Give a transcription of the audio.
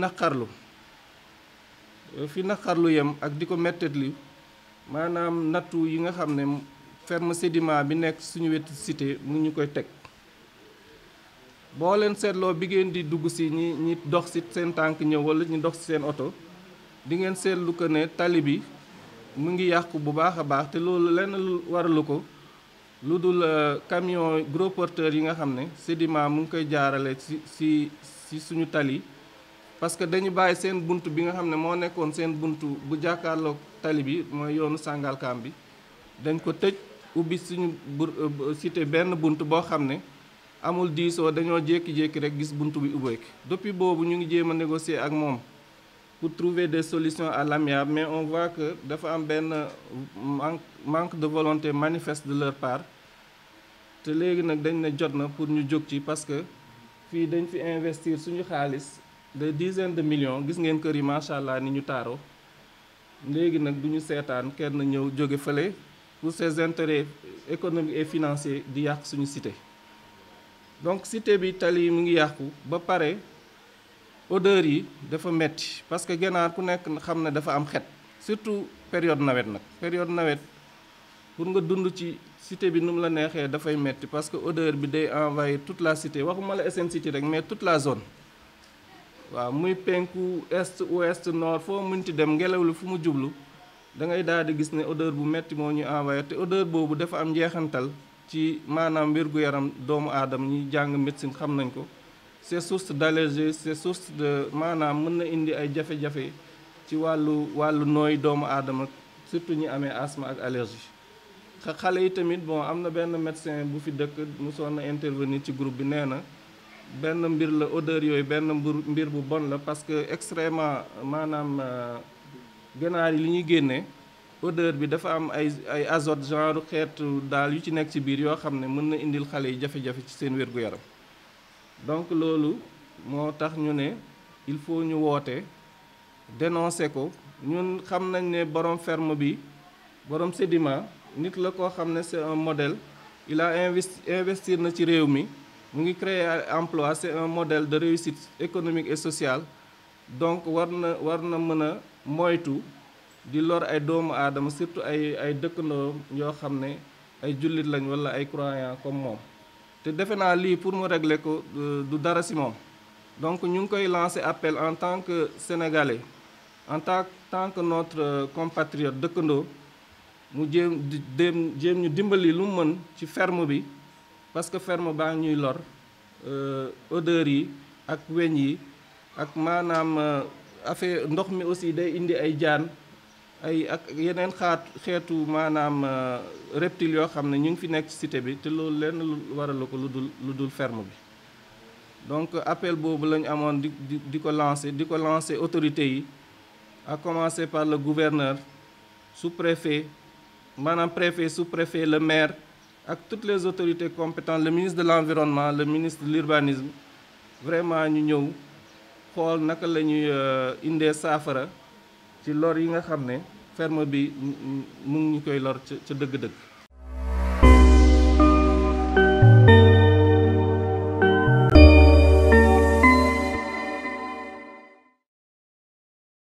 naqarlu fi naqarlu yam ak diko metted li manam natu yi nga xamne ferme sediment bi nek suñu wetu cité mu ñu koy teg boo leen bi gene di dugg ci ñi ñi dox ci sen tank ñew wala ñi dox ci sen auto di ngeen setlu ko ne tali bi mu ngi yaq bu baaxa baax te loolu len waralu ko ludul euh, camion gros porteur yi nga xamne sediment mu ngi koy jaarale si si suñu tali parce que dañu bàyyi seen buntu bi nga xam ne moo nekkoon seen bunt bu jàkkaarloog tali bi mooy yoonu Sangalkam bi dañ ko tëj ubbi suñu euh, cité benn bunt boo xam ne amul diisoo dañoo jékki-jékki rek gis bunt bi ubbeeku depuis boobu ñu ngi jéem a négocier ak moom pour trouver des solutions à l'amiable mais on voit que dafa am benn euh, manque manque de volonté manifeste de leur part te léegi nag dañ ne jot na pour ñu jóg ci parce que fii dañ fi investir suñu xaalis des dizaines de millions vous voyez kër yi macha allah ni ñu taaroo léegi nag pour ses intérêts économiques et financiers de cité donc cité bi tali ngi ba parce que ku dafa am xet surtout période de la période nawet pour nga dund ci cité bi la neexee la parce que odeur bi envahir toute la cité waxuma la SN Cité mais toute la zone waaw muy penku est ouest nord foo mënti dem ngelaw li fu mu jublu da ngay daal di gis ne odeur bu metti moo ñuy envoyé te odeur boobu dafa am njeexantal ci maanaam wér-gu-yaram doomu aadama ñi jàng médecine xam nañ ko c'est source d'allergie c'est source de maanaam mën na indi ay jafe-jafe ci wàllu wàllu nooy doomu aadama surtout ñi amee asthme ak allergie xale yi tamit bon am na benn médecin bu fi dëkk mu soon na intervenir ci groupe bi nee na ben mbir la odeur yoy ben mbir bu bon la parce que extrêmement manam euh, ganaar yi li ñuy génnee odeur bi dafa am ay ay azote genre xeetu dal yu ci nekk ci biir yo xamné ne mën na indil xalé yi jafé jafe ci seen wér-gu-yaram donc lolu moo tax ñu né il faut ñu woté dénoncer ko ñun xam nañ né borom ferme bi borom Sedima nit la ko xamné c'est un modèle il a investi investir na ci réew mi mu créé emploi c'est un modèle de réussite économique et sociale donc warna warna mëna moytu di lor ay doomu adam surtout ay ay dëkkandoo no xam xamné ay jullit lañ wala ay croyants comme moom té defe naa lii pour mu régler ko euh, du dara ci mom donc ñu ngi koy lancer appel en tant que sénégalais en tant tant que notre euh, compatriote dëkkandoo mu jéem jéem ñu dimbali lu mën ci ferme bi parce que ferme baa ñuy lor euh, odeur yi ak weñ yi ak manam euh, affaire ndox mi aussi day indi ay jaan ay ak yenen xaat xeetu manam euh, reptile yo xamné ñu ngi fi nek ci cité bi té loolu lén lu ko ferme bi donc appel bobu lañ amone amoon di di di ko lancer di ko lancer autorité yi à commencer par le gouverneur sous-préfet manam préfet sous-préfet le maire avec toutes les autorités compétentes le ministre de l'environnement le ministre de l'urbanisme vraiment nous sommes voir naka nous ñuy euh, indee saafara ci lor yi nga nous la ferme bi mu